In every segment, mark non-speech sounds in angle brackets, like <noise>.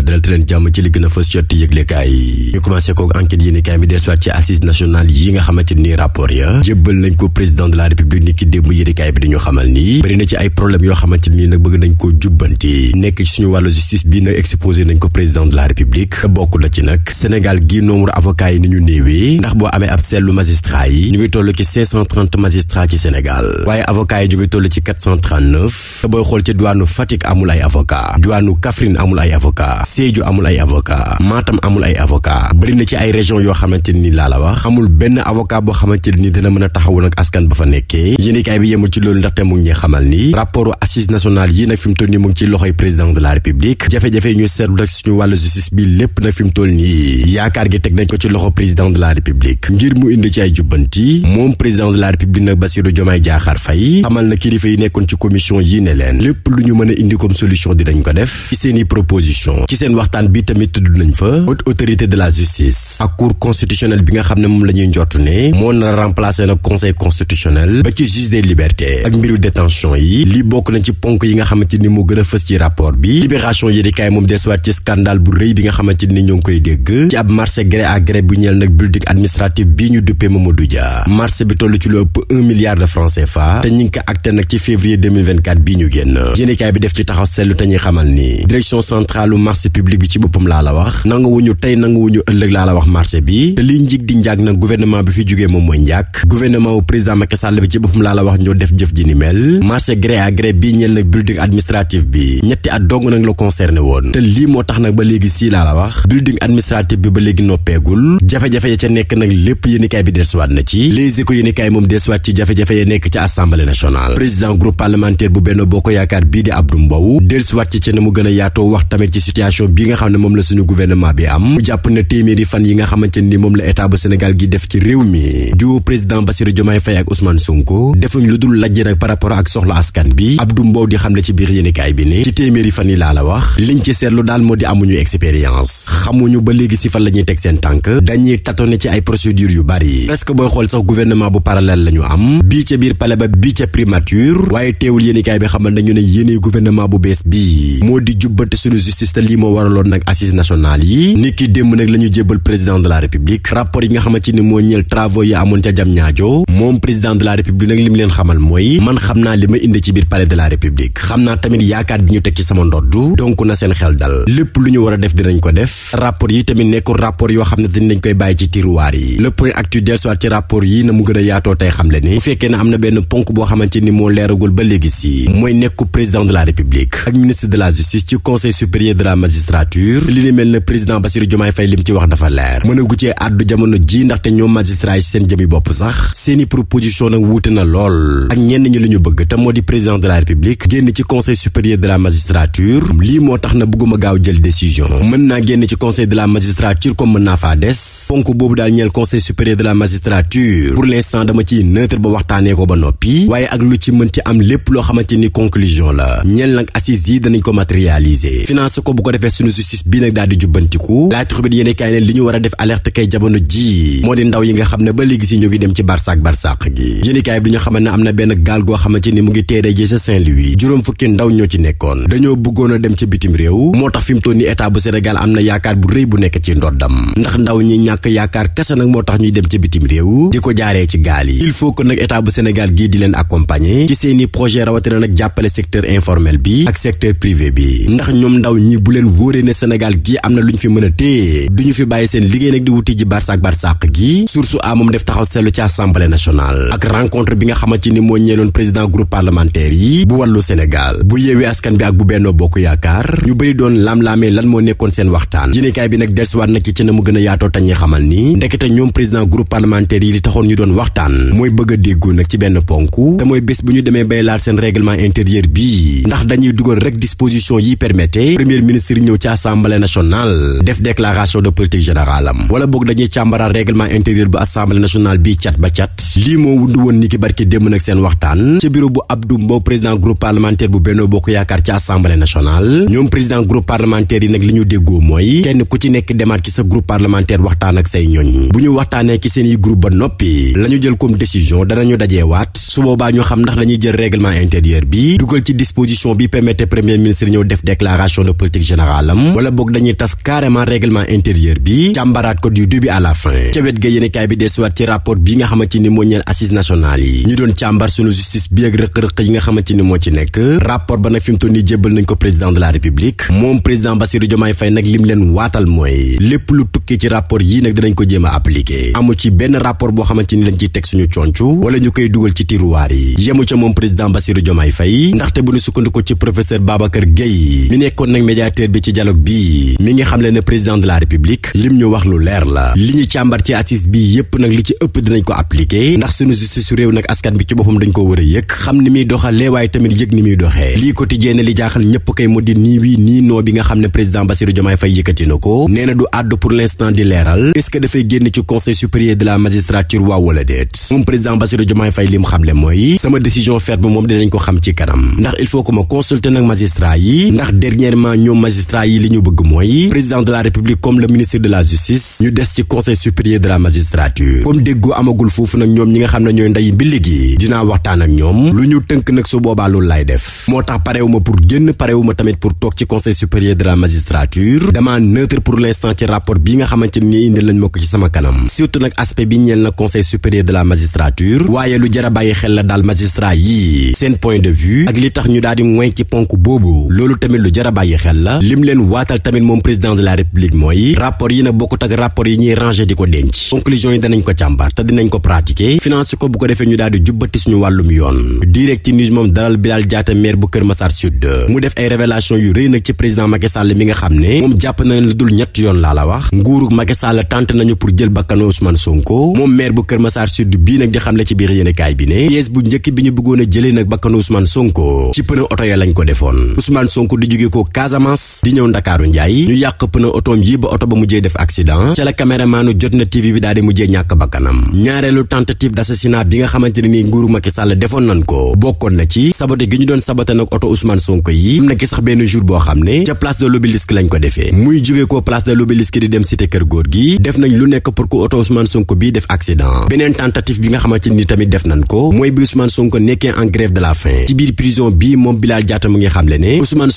Thiam dalal te leen jàmm ci li gën a fës cotti yëglekaay yi ñu commencé kook enquête yéen mi des ci assise nationale yi nga xamante ni rapport ya jébbal nañ ko président de la république ni ki démb yéen bi dañu xamal ni bëri na ci ay problème yoo xamante ni nag bëgg nañ koo jubbanti nekk ci suñu wàllu justice bii nag exposé nañ ko président de la république bokk na ci nag Sénégal gii nombre avocat yi ni ñu néewee ndax boo amee ab seetlu magistrat ñu ngi toll ci 530 magistrat ci Sénégal waaye avocat yi ñu ngi toll ci 439 te booy xool ci diwaanu Fatick amul ay avocat amul ay avocat Sédhiou amul ay avocat Matam amul ay avocat bëri na ci ay région yoo xamante ni laa la wax amul benn avocat boo xamante nii dana mën a taxawu nag askan ba fa nekkee yéenekaay bi yemul ci loolu ndaxte mu ni rapportu assises nationales yi nag fi mu toll nii mu ngi ci loxoy président de la république lépp nag fi mu toll nii yaakaar gi teg nañ ko ci loxo président de la république ngir mu indi ci ay jubbanti moom président de la république nag Bassirou Diomaye Diakhar fay xamal na kilifa yi nekkoon ci commission yi ne leen lépp lu ñu mën a indi comme solution dinañ ko def fi seeni proposition seen waxtaan bi tamit tudd nañ fa autorité de la justice ak cour constitutionnelle bi nga xam ne moom la ñuy ne moo nar a remplacer nag conseil constitutionnel ba ci juge des libertés ak mbiru détention yi lii bokk na ci ponk yi nga xamante ni moo gën a fës ci rapport bi libération yéenekaay moom desuwaat ci scandale bu rëy bi nga xamante ni ñoo ngi koy dégg ci ab marché gré à gré bu ñeel nag building administratif bii ñu duppee Mamadou Dia marché marché public bi ci boppam laa la wax nanguwuñu tey nanguwuñu ëllëg laa la wax marché bi te liy njig di njaag nag gouvernement bi fi jógee moom mooy njaag gouvernement wu président Macky Sall bi ci boppam laa la wax ñoo def jëf ji ni mel marché gré à gré bii ñeel nag building administratif bi ñetti at dong nag la concerné woon te moo tax nag ba léegi sii laa la wax building administratif bi ba léegi noppeegul jafe-jafe ya ca nekk nag lépp yéenekaay bi desuwaat na ci les éco yéenekaay moom desuwaat ci jafe-jafe ya nekk ca assemblée nationale président groupe parlementaire bu Benno Bokk Yaakaar bii di Abdou yaatoo wax tamit ci situation situation bi nga xam ne moom la suñu gouvernement bi am mu jàpp ne téeméeri fan yi nga xamante ni moom la état Sénégal gi def ci réew mi duo président Bassirou Diomaye Faye ak Ousmane Sonko defuñ lu dul lajj rek par rapport ak soxla askan bi Abdou Mbow di xam ne ci biir yéenekaay bi ne ci téeméeri fan yi laa wax liñ ci seetlu daal moo di amuñu expérience xamuñu ba léegi si fan la teg seen tànk dañuy tatone ci ay procédures yu bari presque booy xool moo waraloon nag assises nationales yi ni ki démb nag la ñu jébbal président de la république rapport yi nga xamante ni moo ñeel travaux yi amoon ca jam ñaajo moom président de la république xam naa tamit yaakaar bi ñu teg ci sama ndodd donc na seen xel dal lépp lu ñu war a def dinañ ko def rapport yi tamit nekkul rapport yoo xam ne dinañ koy bàyyi ci tiroir yi le point actuel soit ci rapport yi na mu gën a yaatoo tey xam ni bu fekkee ne am magistrature li ni mel na président Bassirou Diomaye Faye lim ci wax dafa leer mën a gu cee àddu jamono ji ndaxte ñoom magistrat yi seen jëmi bopp sax seeni proposition nag wuute na lool ak ñenn ñi li ñu bëgg te moo di président de la république génn ci conseil supérieur de la magistrature lii moo tax na bëgguma gaaw jël décision mën naa génn ci conseil de la magistrature comme mën naa faa des fonk boobu daal ñeel conseil supérieur de la magistrature pour l'instant dama ciy neutre ba waxtaanee ko ba noppi waaye ak lu ci mën ci am lépp loo xamante ni conclusion la ñeel nag assises yi danañ ko matérialiser finance ko bu sunu suñu bi nag daal di jubbantiku laa tribune yéene kaay li ñu war a def alerte kay jamono ji moo di ndaw yi nga xam ne ba léegi si ñu ngi dem ci barsak barsak gi yéene kaay bi ñu xamal ne am na benn gaal goo xamante ni mu ngi teeree ji sa Saint-Louis juróom fukki ndaw ñoo ci nekkoon dañoo bëggoon a dem ci bitim réew moo tax fi mu ni état bu Sénégal am na yaakaar bu rëy bu nekk ci ndoddam ndax ndaw ñi ñàkk yaakaar kese nag moo tax ñuy dem ci bitim réew di ko jaaree ci gaal il faut que nag état bu Sénégal gii di leen accompagner ci seeni projet rawatina nag jàppale secteur informel bi ak secteur privé bi ndax ñoom ndaw ñi bu leen wóoree ne Sénégal gi am na lu ñu fi mën a téye duñu fi bàyyi seen liggéey nag di wuti ji barsak gi source a def taxaw seetlu ci assemblée nationale ak rencontre bi nga xamante ni moo ñeeloon président groupe parlementaire yi bu wàllu Sénégal bu yeewee askan bi ak bu bennoo bokk yaakaar ñu bëri doon lam-laamee lan moo nekkoon seen waxtaan yéenekaay bi nag dellusiwaat na ci na mu gën yaatoo tañuy xamal ni ndekete ñoom président groupe parlementaire waxtaan mooy bëgg a déggoo nag ci benn ponk te mooy bés bu ñëw ci assemblée nationale def déclaration de politique générale am wala boog dañuy càmbaraat règlement intérieur bu assemblée nationale bii cat ba cat lii moo wundu woon ni ki barki démb nag seen waxtaan ci bureau bu Abdou Mbow président groupe parlementaire bu Benno Bokk Yaakaar ci assemblée nationale ñoom président groupe parlementaire yi nag li ñu déggoo mooy kenn ku ci nekk demaat ci sa groupe parlementaire waxtaan ak say ñoñ bu ñu waxtaanee ci seen yi groupe ba noppi la ñu jël comme décision danañu dajeewaat su boobaa ñu xam ndax dañuy jël règlement intérieur bi dugal ci disposition bi permettre premier ministre ñëw def déclaration de politique générale généralam wala boog dañuy tas carrément règlement intérieur bi càmbaraat ko du début à la fin ca wet ga bi desuwaat ci rapport bi nga xamante ni moo ñeel assises nationales yi ñu doon càmbar sunu justice bi ak rëq-rëq yi nga xamante ni moo ci nekk rapport ba nag fi mu toll jébbal nañ ko président de la république moom président Bassirou Diomaye Faye nag lim leen waatal mooy lépp lu tukkee ci rapport yi nag dinañ ko jéem a amu ci benn ci dialogue bi mi ngi xamle ne président de la république lim ñu wax lu leer la li ñu càmbar ci assise bi yépp nag li ci ëpp dinañ ko appliquer ndax sunu justice su réew nag askan bi ci boppam dañ ko war a yëg xam ni muy doxalee waaye tamit yëg ni muy doxee lii quotidien li jaaxal ñëpp kay mu di nii wii nii noo bi nga xam ne président Bassirou Diomaye Faye yëkkati na ko nee na du àddu pour l'instant di leeral est-ce que dafay génn ci conseil supérieur de la magistrature waaw wala déet moom président Bassirou Diomaye Faye mooy sama décision ferme moom dinañ ko xam ci kanam ndax il faut que ma consulter nag magistrat yi ndax dernièrement ñoom magistrat magistrat yi li ñu bëgg mooy président de la république comme le ministre de la justice ñu des ci conseil supérieur de la magistrature comme déggoo amagul foofu nag ñoom ñi nga xam ne ñooy nday bi léegi dinaa waxtaan ak ñoom lu ñu tënk nag su boobaa loolu laay def moo tax parewuma pour génn parewuma tamit pour toog ci conseil supérieur de la magistrature dama neutre pour l'instant ci rapport bi nga xamante ni indi lañ ma ko ci sama kanam surtout nag aspect bi ñeel na conseil supérieur de la magistrature waaye lu jar bàyyi xel la daal magistrat seen point de vue ak li tax ñu daal di ngoy ci ponk boobu loolu tamit jar a bàyyi xel la lim leen waatal tamit moom président de la république mooy rapport mu def ay révélation yu rëy nag ci président Macky mi nga xam ne moom jàpp na ne lu dul ñett yoon laa la wax nguuru Macky tànt nañu pour jël bakkanu Ousmane Sonko moom maire bu Kër Massar Sud bii nag di xamle ci biir yéenekaay bi ne pièce bu njëkk bi ñu bëggoon a jëlee nag bakkanu Ousmane Sonko ci pneu oto ya lañ ko defoon Ousmane Sonko di jóge ko Casamance bi ñëw ndakaaru njaay ñu yàq pneu otoom yi ba oto ba mujjee def accident ca la caméramanu jot na tv bi daal mujjee ñàkk bakkanam ñaareelu tentative d'assassinat bi nga xamante ne nii nguuru Macky Sall defoon nan ko bokkoon na ci sabote gi ñu doon sabote nag oto Ousmane Sonko ko defee def nañ beneen tentative bi nga xamante ni tamit def nañ ko mooy bi Ousmane Sonko nekkee en grève de la faim ci prison bii moom Bilal Diatta mu ngi xamle ne Ousmane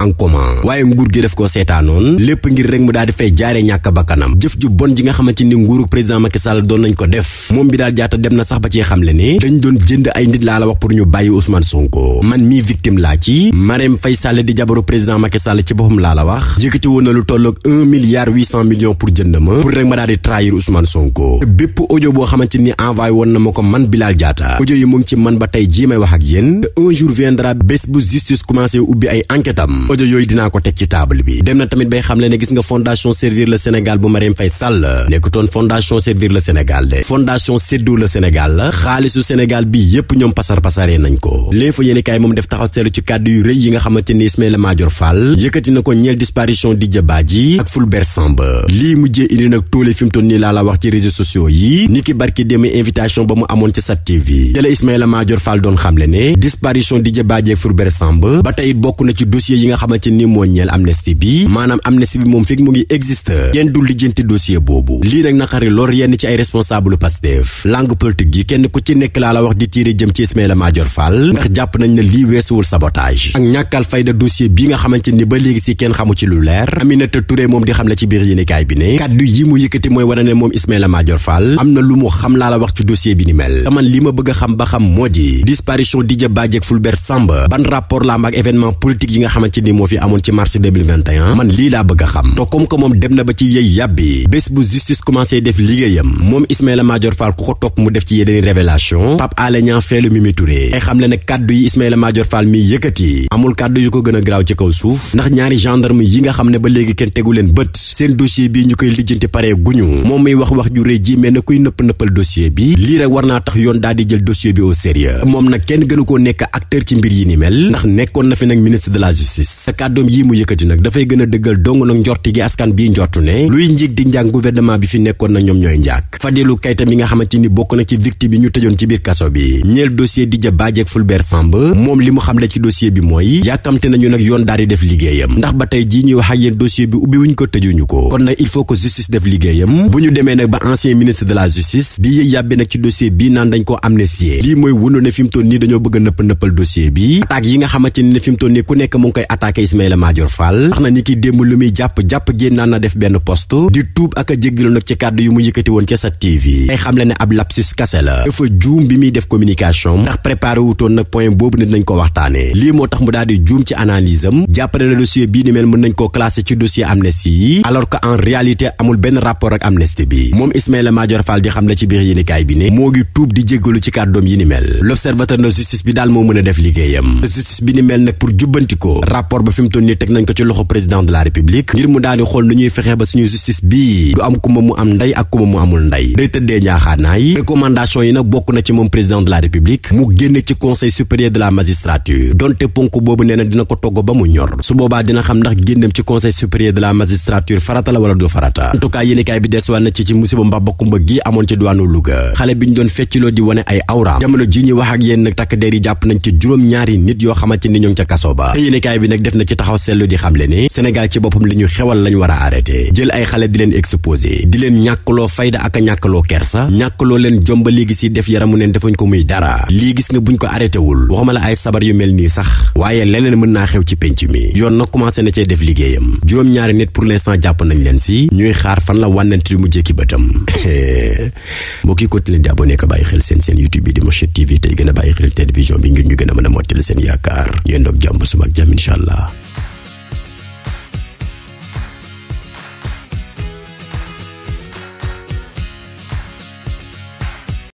en commun waaye nguur gi def ko seetaanoon lépp ngir rek mu daal di fay jaaree ñàkk bakkanam jëf ju bon ji nga xamante ni nguuru président Macky Sall doon nañ ko def moom bi daal jaata dem na sax ba ci xamle ne dañ doon jënd ay la wax pour ñu bàyyi Ousmane Sonko man mii victime laa ci Marème Faye Sall di jabaru président Macky Sall ci boppam laa la wax yëkkati woon na lu tolloog 1 milliard 800 millions pour jënd ma pour rek ma daal di trahir Ousmane Sonko bépp ojo boo xamante ni envoyé woon na ma ko man Bilal jaata audio yi mu ngi ci man ba tey jii may wax ak yéen te un jour viendra commencé ubbi ay enquête am audio yooyu dinaa ko teg ci table bi dem na tamit bay xamle ne gis nga fondation servir le Sénégal bu Marième Faye Sall nekkutoon fondation servir le Sénégal de fondation séddu le Sénégal la xaalisu Sénégal bi yépp ñoom pasar pasaree nañ ko léefa yéeni kaay moom def taxaw seetlu ci kàddu yu rëy yi nga xamante ni Ismaïla Madior Fall yëkkati na ko ñeel disparition Didier Badji ak Fulbert Sambou lii mujjee fi ni ki barki démb ba mu amoon ci Sat TV te la Ismaïla Madior Fall doon xamle ne disparition Didier Badji ak bokk na ci dossier yi yi nga xamante ni moo ñeel amnistie bi ndax jàpp nañ ne lii weesuwul sabotage ak ñàkkal fayda dossier bi nga xamante ni ba léegi si kenn xamu ci lu leer Aminata Touré moom di xam ne ci biir yéenekaay bi ne kàddu yi mu yëkkati mooy wane moom Ismaïla Madior Fall am na lu mu xam laa la wax ci dossier bi ni mel taman li ma bëgg a xam ba xam moo di disparition Didier Badji ak Fulbert Sambou ban rapport la am ak événement politique yi nga xamante ci ni moo fi amoon ci mars 2021 man lii laa bëgg a xam te comme que moom dem na ba ci yëy yàbbi bés bu justice commencé def liggéeyam moom Ismaïla Madior Fall ku ko topp mu def ci yeneen révélation Pape Alé feelu Mimi ay e xam le ne kàddu yi Ismaïla Madior Fall mi yëkkati amul kàddu yu ko gën a garaaw ci kaw suuf ndax ñaari gendarme yi nga xam ne ba léegi kenn tegu leen bët seen dossier bi ñu koy lijjanti pare guñu moom muy wax wax ju rëy mel na kuy nëpp-nëppal dossier bi lii war naa tax yoon daal di jël dossier bi au kenn gënu koo nekk acteur ci mbir yi ni na fi nag ministre de la justice sa kàddoom yi mu yëkkati nag dafay gën a dëggal dong nag njorti gi askan bii njortu ne luy njig di njàng gouvernement bi fi nekkoon na ñoom ñooy njàkk Fadilou Keita mi nga xamante ni bokk na ci victime bi ñu tëjoon ci biir kaso bi ñeel dossier Didier Badji ak Fulbert Sambou moom li ba tey jii ko tëjuñu ko kon nag il faut que justice def ni ne fi mu nii ku nekk mu ngi koy attaqué Ismaïla Madior Fall wax na ni ki démb lu muy jàpp-jàpp génnaan na def benn muy def communication ndax préparé wutoon nag point boobu ne dinañ ko waxtaane lii moo tax mu daal di juum ci analyse am jàppale na dossier bii ni mel mën nañ koo classé ci dossier amnistie yi alors que en réalité amul benn rapport ak amnistie bi moom Ismaïla Madior Fall di xam le ci biir yéenekaay bi ne moo ngi tuub di jéggalu ci kàddoom yi ni mel l'observateur na justice bi daal moo mën a def liggéeyam justice bi ni mel nag pour jubbanti ko rapport ba fi mu toll nii teg nañ ko ci loxo président de la république ngir mu daal mu am ndey mu amul ndey day tëddee ñaaxaanaa yi recommandation bokk na ci moom président de la république mu génn ci conseil supérieur de la magistrature donte ponk boobu nee na dina ko togg ba mu ñor su boobaa dina xam ndax génnam ci conseil supérieur de la magistrature farata la wala du farata en tout cas yéenekaay bi desuwaat na ci ci musiba mbaba kumba gi amoon ci diwaanu Louga xale bi ñu doon fecciloo di wane ay awra jamono ji ñuy wax ak yéen nag takk der yi jàpp nañ ci juróom-ñaari nit yoo xamante ni ñoo ngi ca kaso ba nag def na ci taxaw seetlu di xamle ne Sénégal ci boppam li ñu xewal lañ war a arrêté jël ay xale di leen exposé di leen ñàkkaloo fayda ak a ñàkkaloo kersa ñàkkaloo leen jomba léegi si def yaramu neen defuñ ko muy dara lii gis nga buñ ko arrêté wul waxuma la ay sabar yu mel nii sax waaye leneen mën naa xew ci penc mi yoon nag commencé na cee def liggéeyam juróom-ñaari nit pour l'instant jàpp nañ leen si ñuy xaar fan la wànnante li mu jékki bëtam <laughs> mbokk yi continué di abonné ko bàyyi xel seen YouTube bi di Mourchid TV tey gën a bàyyi xel télévision bi ngir ñu gën a mën a mottali seen yaakaar yéen doog jàmm suba ak Allah